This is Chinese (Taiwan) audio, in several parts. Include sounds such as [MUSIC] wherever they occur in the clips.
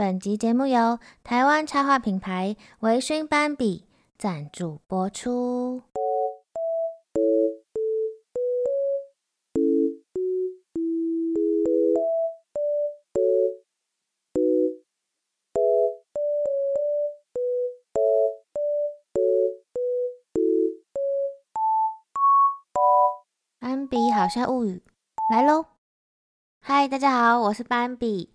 本集節目由台灣插畫品牌維訊斑比贊助播出。斑比好像物語來嘍！嗨，大家好，我是斑比。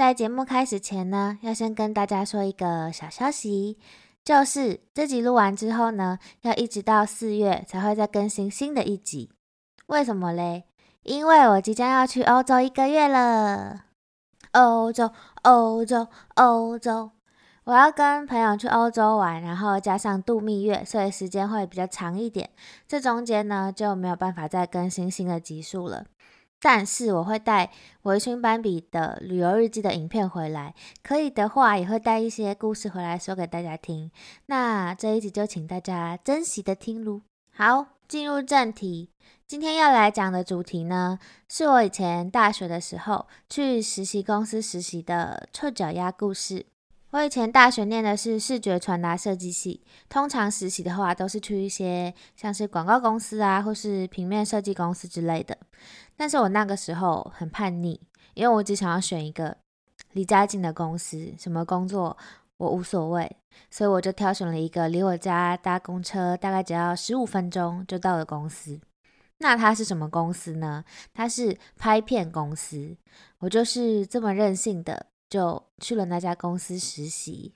在節目開始前呢，要先跟大家說一個小消息，就是這集錄完之後呢，要一直到四月才會再更新新的一集。為什麼嘞？因為我即將要去歐洲一個月了，歐洲，歐洲，歐洲，我要跟朋友去歐洲玩，然後加上度蜜月，所以時間會比較長一點。這中間呢，就沒有辦法再更新新的集數了。但是我會帶《圍裙斑比》的旅遊日記的影片回來，可以的話也會帶一些故事回來說給大家聽。那這一集就請大家珍惜的聽囉。好，進入正題，今天要來講的主題呢，是我以前大學的時候去實習公司實習的臭腳丫故事。我以前大學唸的是視覺傳達設計系，通常實習的話都是去一些像是廣告公司啊，或是平面設計公司之類的。但是我那個時候很叛逆，因為我只想要選一個離家近的公司，什麼工作我無所謂，所以我就挑選了一個離我家搭公車大概只要十五分鐘就到的公司。那它是什麼公司呢？它是拍片公司。我就是這麼任性的，就去了那家公司實習。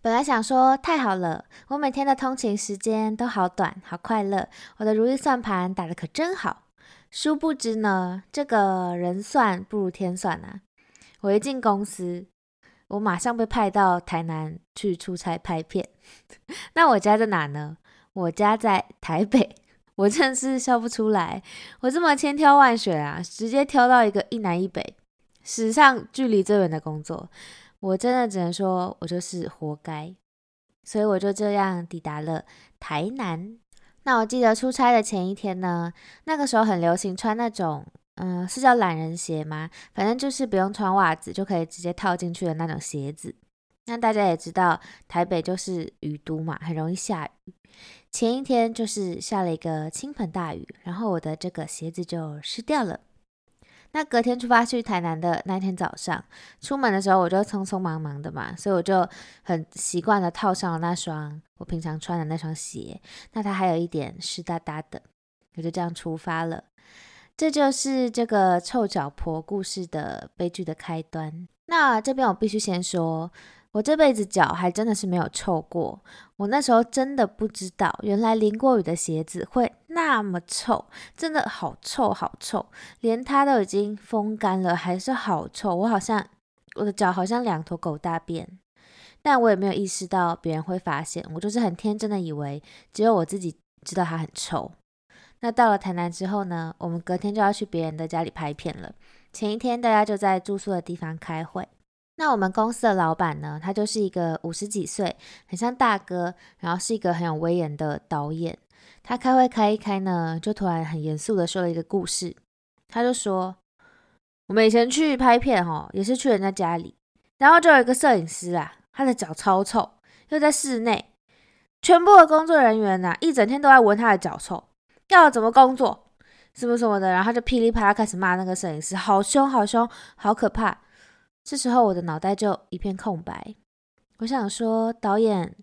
本來想說太好了，我每天的通勤時間都好短，好快樂。我的如意算盤打得可真好。殊不知呢，這個人算不如天算吶啊！我一進公司，我馬上被派到台南去出差拍片。 [LAUGHS] 那我家在哪呢？我家在台北，我真是笑不出來。我這麼千挑萬選啊，直接挑到一個一南一北，史上距離最遠的工作，我真的只能說我就是活該。所以我就這樣抵達了台南。那我記得出差的前一天呢，那個時候很流行穿那種，嗯、呃，是叫懶人鞋嗎？反正就是不用穿襪子就可以直接套進去的那種鞋子。那大家也知道，台北就是雨都嘛，很容易下雨。前一天就是下了一個傾盆大雨，然後我的這個鞋子就濕掉了。那隔天出發去台南的那天早上，出門的時候我就匆匆忙忙的嘛，所以我就很習慣的套上了那雙我平常穿的那雙鞋。那它還有一點濕噠噠的，我就這樣出發了。這就是這個臭腳婆故事的悲劇的開端。那這邊我必須先說，我這輩子腳還真的是沒有臭過。我那時候真的不知道，原來淋過雨的鞋子會那麼臭，真的好臭，好臭，連它都已經風乾了，還是好臭。我好像我的腳好像兩坨狗大便，但我也沒有意識到別人會發現，我就是很天真的以為只有我自己知道它很臭。那到了台南之後呢，我們隔天就要去別人的家裡拍片了。前一天大家就在住宿的地方開會。那我們公司的老闆呢，他就是一個五十幾歲，很像大哥，然後是一個很有威嚴的導演。他開會開一開呢，就突然很嚴肅的說了一個故事。他就說：“我們以前去拍片，哦，也是去人家家裡，然後就有一個攝影師啊，他的腳超臭，又在室內，全部的工作人員吶、啊，一整天都在聞他的腳臭，要怎麼工作？什麼什麼的，然後他就噼裡啪啦開始罵那個攝影師，好凶，好凶，好可怕。這時候我的腦袋就一片空白，我想說，導演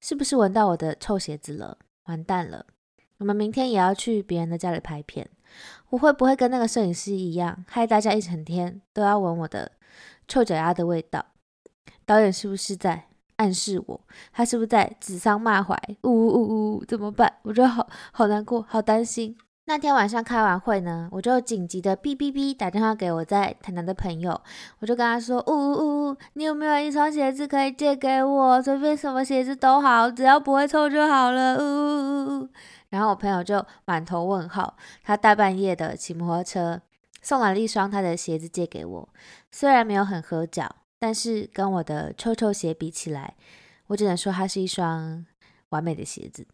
是不是聞到我的臭鞋子了？完蛋了。”我們明天也要去別人的家裡拍片，我會不會跟那個攝影師一樣，害大家一整天都要聞我的臭腳丫的味道？導演是不是在暗示我？他是不是在指桑罵槐？嗚嗚嗚嗚，怎麼辦？我就好好難過，好擔心。那天晚上開完會呢，我就緊急的嗶嗶嗶打電話給我在台南的朋友，我就跟他說：嗚嗚嗚嗚，你有沒有一雙鞋子可以借給我？隨便什麼鞋子都好，只要不會臭就好了。嗚嗚嗚嗚。然後我朋友就滿頭問號，他大半夜的騎摩托車送來了一雙他的鞋子借給我，雖然沒有很合腳，但是跟我的臭臭鞋比起來，我只能說它是一雙完美的鞋子。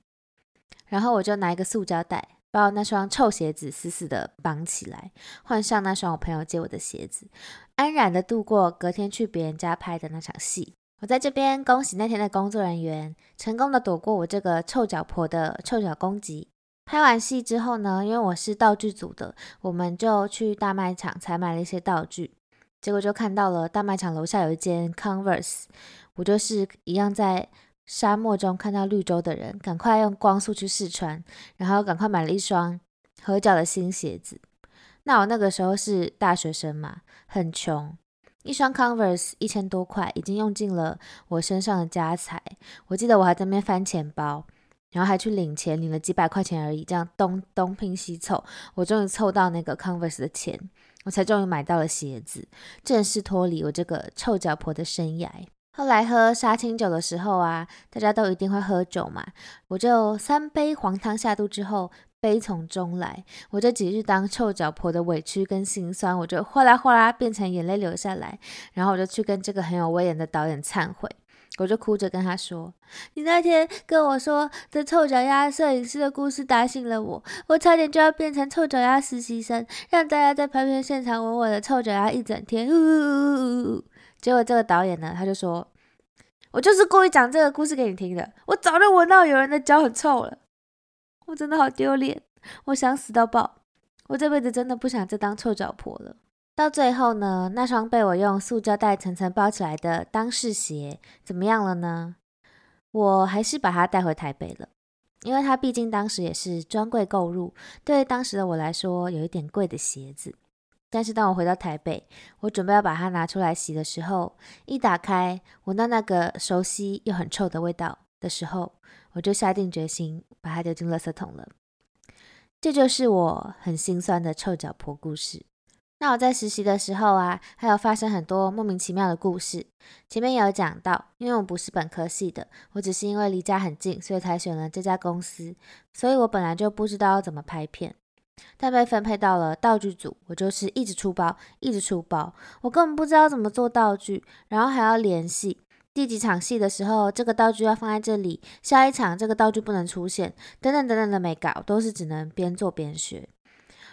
然後我就拿一個塑膠袋把我那雙臭鞋子死死的綁起來，換上那雙我朋友借我的鞋子，安然的度過隔天去別人家拍的那場戲。我在這邊恭喜那天的工作人員，成功的躲過我這個臭腳婆的臭腳攻擊。拍完戲之後呢，因為我是道具組的，我們就去大賣場採買了一些道具。結果就看到了大賣場樓下有一間 Converse，我就是一樣在沙漠中看到綠洲的人，趕快用光速去試穿，然後趕快買了一雙合腳的新鞋子。那我那個時候是大學生嘛，很窮。一雙 Converse 一千多塊，已經用盡了我身上的家財。我記得我還在那邊翻錢包，然後還去領錢，領了幾百塊錢而已。這樣東東拼西湊，我終於湊到那個 Converse 的錢，我才終於買到了鞋子，正式脫離我這個臭腳婆的生涯。後來喝殺青酒的時候啊，大家都一定會喝酒嘛，我就三杯黃湯下肚之後。悲從中來，我這幾日當臭腳婆的委屈跟心酸，我就嘩啦嘩啦變成眼淚流下來。然後我就去跟這個很有威嚴的導演懺悔，我就哭着跟他說：“你那天跟我說這臭腳丫攝影師的故事，打醒了我，我差點就要變成臭腳丫實習生，讓大家在拍片現場聞我的臭腳丫一整天。”嗚嗚嗚嗚嗚嗚！結果這個導演呢，他就說：“我就是故意講這個故事給你聽的，我早就聞到有人的腳很臭了。”我真的好丟臉，我想死到爆，我這輩子真的不想再當臭腳婆了。到最後呢，那雙被我用塑膠袋層層包起來的當事鞋怎麼樣了呢？我還是把它帶回台北了，因為它畢竟當時也是專櫃購入，對於當時的我來說有一點貴的鞋子。但是當我回到台北，我準備要把它拿出來洗的時候，一打開，聞到那個熟悉又很臭的味道。的時候，我就下定決心把它丟進垃圾桶了。這就是我很心酸的臭腳婆故事。那我在實習的時候啊，還有發生很多莫名其妙的故事。前面也有講到，因為我不是本科系的，我只是因為離家很近，所以才選了這家公司。所以我本來就不知道要怎麼拍片，但被分配到了道具組，我就是一直出包，一直出包，我根本不知道怎麼做道具，然後還要聯繫。第幾場戲的時候，這個道具要放在這裡，下一場這個道具不能出現，等等等等的沒搞，都是只能邊做邊學。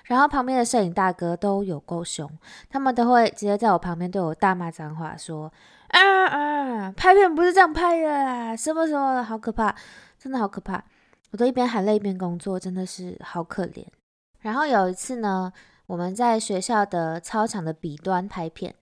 然後旁邊的攝影大哥都有夠凶，他們都會直接在我旁邊對我大罵髒話說，說啊啊，拍片不是這樣拍的啦，什麼什麼的，好可怕，真的好可怕，我都一邊含淚一邊工作，真的是好可憐。然後有一次呢，我們在學校的操場的彼端拍片。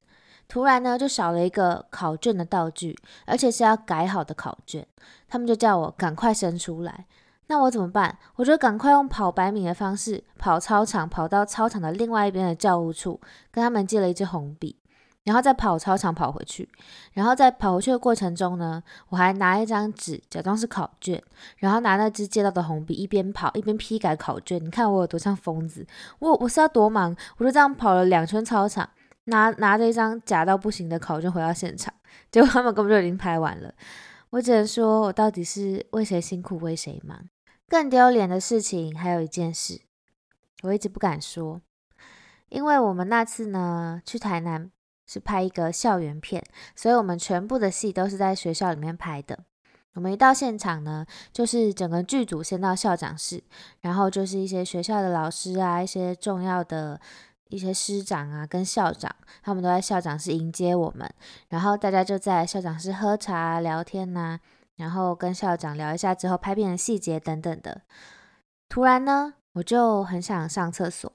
突然呢，就少了一個考卷的道具，而且是要改好的考卷，他們就叫我趕快生出來。那我怎麼辦？我就趕快用跑百米的方式跑操場，跑到操場的另外一邊的教務處，跟他們借了一支紅筆，然後再跑操場跑回去。然後在跑回去的過程中呢，我還拿一張紙假裝是考卷，然後拿那支借到的紅筆一邊跑一邊批改考卷。你看我有多像瘋子？我我是要多忙？我就這樣跑了兩圈操場。拿拿着一張假到不行的考卷回到現場，結果他們根本就已經拍完了。我只能說，我到底是為誰辛苦為誰忙？更丟臉的事情還有一件事，我一直不敢說，因為我們那次呢去台南是拍一個校園片，所以我們全部的戲都是在學校裡面拍的。我們一到現場呢，就是整個劇組先到校長室，然後就是一些學校的老師啊，一些重要的。一些師長啊，跟校長，他們都在校長室迎接我們，然後大家就在校長室喝茶啊、聊天吶啊，然後跟校長聊一下之後拍片的細節等等的。突然呢，我就很想上廁所，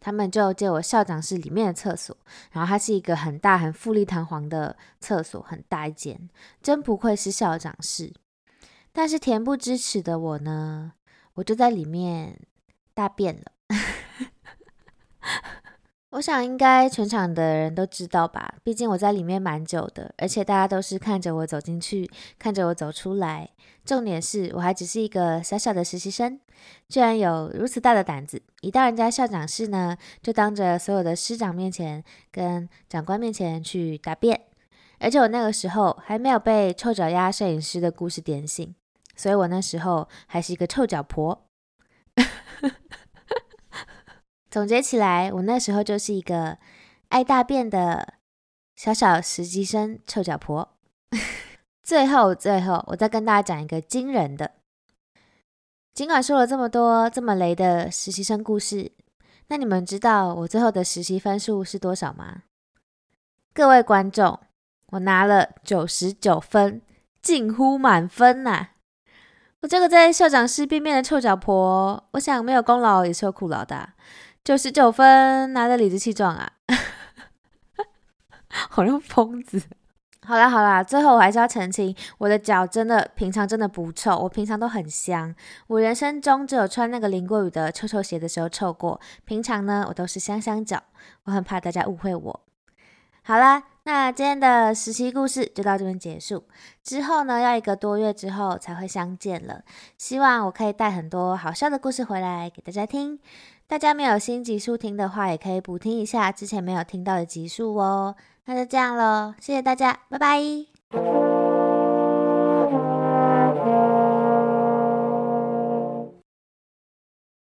他們就借我校長室裡面的廁所，然後它是一個很大很富麗堂皇的廁所，很大一間，真不愧是校長室。但是恬不知恥的我呢，我就在裡面大便了。 [LAUGHS] 我想應該全場的人都知道吧，畢竟我在裡面蠻久的，而且大家都是看着我走進去，看着我走出來。重點是，我還只是一個小小的實習生，居然有如此大的膽子，一到人家校長室呢，就當着所有的師長面前、跟長官面前去大便。而且我那個時候還沒有被“臭腳丫”攝影師的故事點醒，所以我那時候還是一個臭腳婆。 [LAUGHS] 總結起來，我那時候就是一個愛大便的小小實習生，臭腳婆。 [LAUGHS] 最後，最後，我再跟大家講一個驚人的。儘管說了這麼多這麼雷的實習生故事，那你們知道我最後的實習分數是多少嗎？各位觀眾，我拿了九十九分，近乎滿分吶，啊！我這個在校長室便便的臭腳婆，我想沒有功勞也是有苦勞的，啊。九十九分拿得理直氣壯啊， [LAUGHS] 好像瘋子。好啦，好啦。最後我還是要澄清，我的腳真的平常真的不臭，我平常都很香。我人生中只有穿那個淋過雨的臭臭鞋的時候臭過，平常呢，我都是香香腳。我很怕大家誤會我。好啦，那今天的實習故事就到這邊結束。之後呢，要一個多月之後才會相見了。希望我可以帶很多好笑的故事回來給大家聽。大家沒有新集數聽的話，也可以補聽一下之前沒有聽到的集數哦。那就這樣咯，謝謝大家，拜拜。